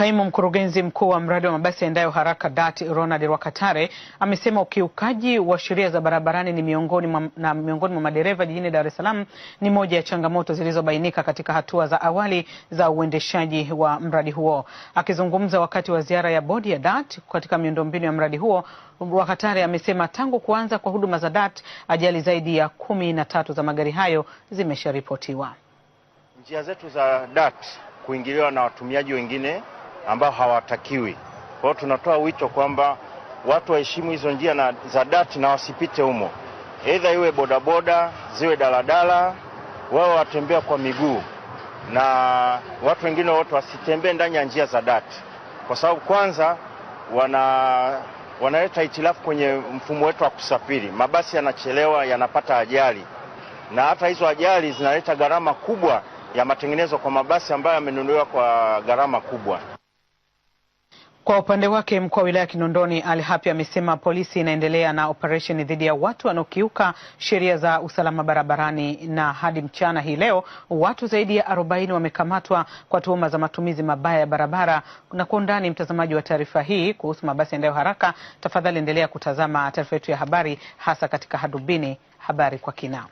Kaimu mkurugenzi mkuu wa mradi wa mabasi yaendayo haraka DART Ronald Rwakatare amesema ukiukaji wa sheria za barabarani ni miongoni mwa, na miongoni mwa madereva jijini Dar es Salaam ni moja ya changamoto zilizobainika katika hatua za awali za uendeshaji wa mradi huo. Akizungumza wakati wa ziara ya bodi ya DART katika miundombinu ya mradi huo, Rwakatare amesema tangu kuanza kwa huduma za DART ajali zaidi ya kumi na tatu za magari hayo zimesharipotiwa. Njia zetu za DART kuingiliwa na watumiaji wengine ambao hawatakiwi. Kwa hiyo tunatoa wito kwamba watu waheshimu hizo njia na za dati na wasipite humo, aidha iwe bodaboda, ziwe daladala, wao watembea kwa miguu na watu wengine wote wasitembee ndani ya njia za dati, kwa sababu kwanza wana wanaleta hitilafu kwenye mfumo wetu wa kusafiri. Mabasi yanachelewa, yanapata ajali, na hata hizo ajali zinaleta gharama kubwa ya matengenezo kwa mabasi ambayo yamenunuliwa kwa gharama kubwa. Kwa upande wake mkuu wa wilaya ya Kinondoni Ali Hapi amesema polisi inaendelea na operesheni dhidi ya watu wanaokiuka sheria za usalama barabarani, na hadi mchana hii leo watu zaidi ya 40 wamekamatwa kwa tuhuma za matumizi mabaya ya barabara. Na kwa undani, mtazamaji wa taarifa hii kuhusu mabasi yaendayo haraka, tafadhali endelea kutazama taarifa yetu ya habari, hasa katika Hadubini, habari kwa kina.